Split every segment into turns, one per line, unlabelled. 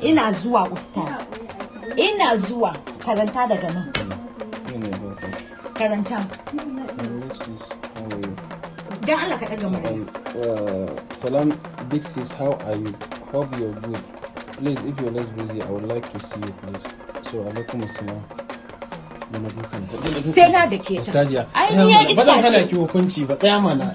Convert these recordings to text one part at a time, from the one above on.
ina zuwa ustaz ina zuwa karanta daga nan karanta don Allah ka daga murya uh, salam big sis how are you hope you're good please if you're less busy i would like to see you please so alaikum assalam sai na da ke ta ainihin ya isa ce ba zan hana ki hukunci ba tsaya mana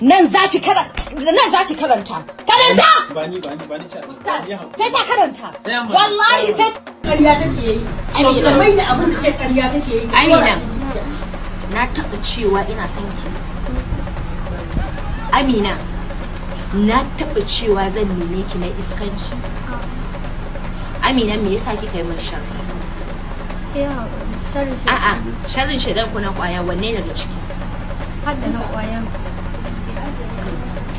nan za ki karanta nan za ki karanta karanta ba ni ba ni ba ni sai ta karanta wallahi sai ƙarya take yi amina mai da abin da ce ƙarya take yi amina na taɓa cewa ina son ki amina na taɓa cewa zan nemi ki na iskanci amina me yasa kika yi min shan? a'a sharrin shaidan ku na kwaya wanne daga ciki har da na kwayan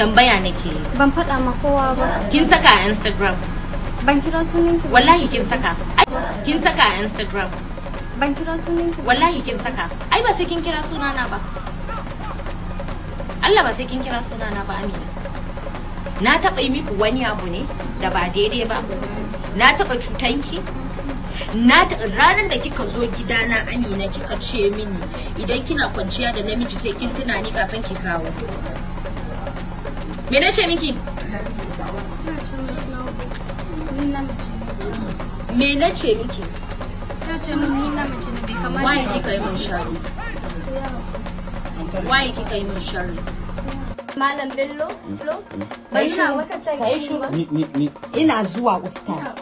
tambaya nake ban faɗa ma kowa ba kin saka a instagram ban kira sunan ki wallahi kin saka kin saka a instagram ban kira sunan ki wallahi kin saka ai ba sai kin kira sunana ba Allah ba sai kin kira sunana ba Amina na taɓa yi miki wani abu ne da ba daidai ba na taɓa cutanki na ranar da kika zo gidana amina kika ce mini idan kina kwanciya da namiji sai kin tunani kafin ki kawo me na ce miki me na ce miki ta na mace ne waye kika yi mun sharri waye kika yi mun sharri Malam Bello, Ina zuwa ustaz.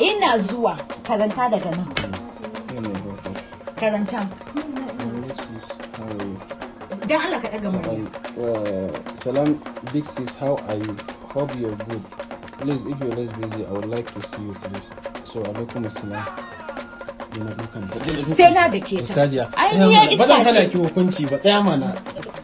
Ina zuwa karanta daga nan. Karanta. dan Allah ka eh, salam big sis how are you hope you're good please if you're less busy i would like to see you please so alaikum assalam sai na da ke ta ai ni ya iska ce ba zan hana ki hukunci ba tsaya mana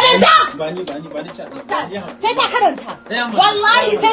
Karanta! Sai ta karanta. Wallahi sai